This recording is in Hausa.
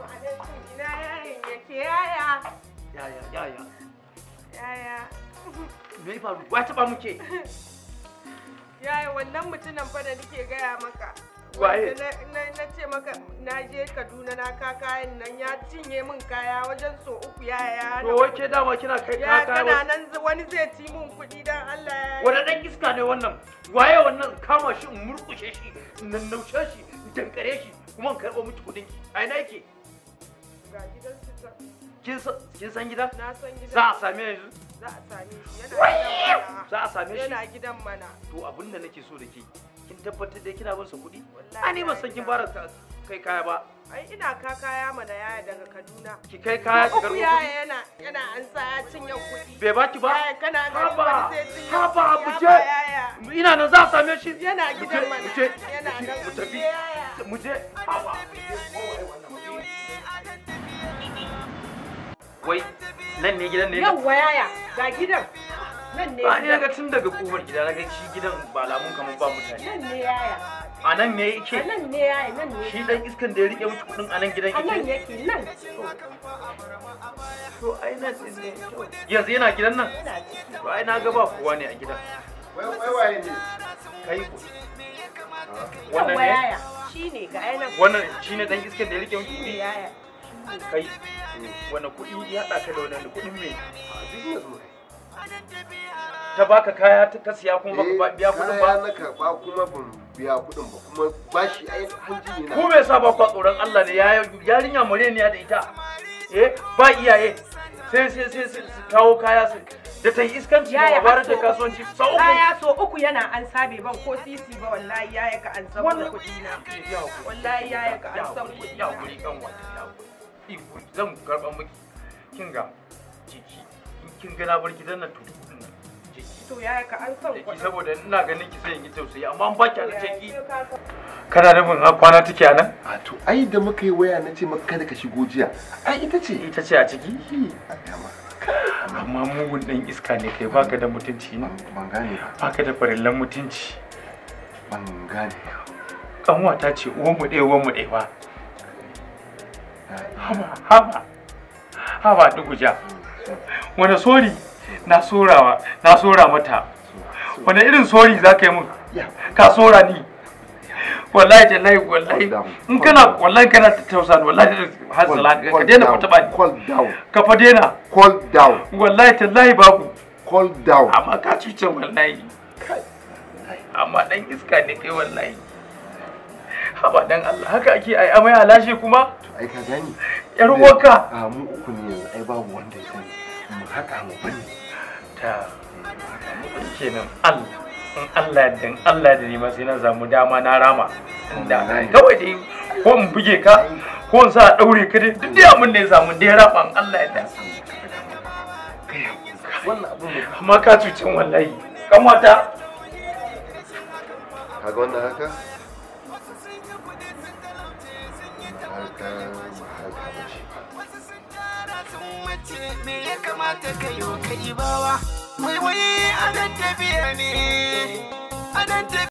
Assalamu alaikum ina yayin yake yaya. Yaya yaya. Yaya. Me ya faru? Wa taba muke? Yaya wannan mutumin fa da nake gaya maka. Waye? Na ce maka na je Kaduna na ka kayan nan ya cinye min kaya wajen so uku yaya ya. To wace dama kina kai ka kaya. Ya nan wani zai ci min kuɗi dan Allah ya. Wani dan iska ne wannan? Waye wannan kama shi in murƙushe shi, in naushe shi, in dankare shi, kuma in karɓo miki kuɗin ki. A ina yake? Ga gidan Kin san gidan? Na san gidan. Za a same yanzu? Za a same shi. Yana Za a same shi? Yana gidan mana. To abin da nake so da ke kin tabbatar da kina barsa kuɗi? A Ani ba san kin fara kai kaya ba. Ai ina ka kaya mana yaya daga Kaduna. Ki kai kaya ki karɓo kuɗi. Yaya yana yana an sa ya cinye kuɗi. Bai baki ba? Yaya kana ganin wani zai cinye Haba buce. Ina nan za a same shi. Yana gidan mana. Yana nan. Mu tafi. Mu je. Haba. wai nan ne gidan ne ga gidan nan ne ba ni daga tun daga kofar gida shi gidan ba lamun kamar ba mutane nan ne yaya a nan ne yake a nan ne yaya nan ne shi dan iskan da ya rike muku kudin a nan gidan yake a nan yake nan to ai nan ne yanzu yana gidan nan to ai na ga ba kowa ne a gidan wai waye ne kai wannan ne wannan shine dan iskan da ya rike muku kudi kai eh, wani kuɗi ya da wani kuɗin me ta baka kaya ta ka siya kuma biya kuɗin ba eh, na karɓa kuma ban biya kuɗin ba kuma bashi ai hanji ne na ku me yasa ba ku tsoron Allah ne yarinya mureniya da ita eh ba iyaye sai sai sai su kawo kaya su da ta yi iskanci da babar da kasuwanci sau uku kaya so uku yana an sabe ban ko sisi ba wallahi ya ka an samu kuɗi na wallahi an kuɗi na iko zan karɓa miki kin ga jiki kin ga na bar ki zanna to jiki to yaya ka an san ku saboda ina ganin ki sai in tausayi amma an baki da jiki kana mun a kwana take a nan a to ai da muka yi waya na ce maka kada ka shigo jiya ai ita ce ita ce a ciki amma mugun dan iska ne kai baka da mutunci ne ban gane baka da farillan mutunci ban gane kanwa ta ce uwan mu ɗaya uwan mu ɗaya ba haba haba haba duguja wani sori na sorawa na sora mata wani irin sori za ka yi mun ka sora ni wallahi tallahi wallahi in kana wallahi kana ta tausa ni wallahi hasala ka daina ku taba ni ka fa daina call down wallahi tallahi babu call down amma ka cuce wallahi amma dan iska ne kai wallahi haba dan Allah haka ake ai amai a lashe kuma ai ka gani yar uwarka a mu uku ne yanzu ai babu wanda ya sani mu haka mu bane ta kenan Allah in Allah ya dan Allah da nema sai na samu dama na rama inda kawai dai ko in buge ka ko in sa daure ka dai duk dai abin da ya samu dai in Allah ya dan wannan abin amma ka cucin wallahi kamata kaga wannan haka ce me ya kamata ka yi wa kai bawa ne a nan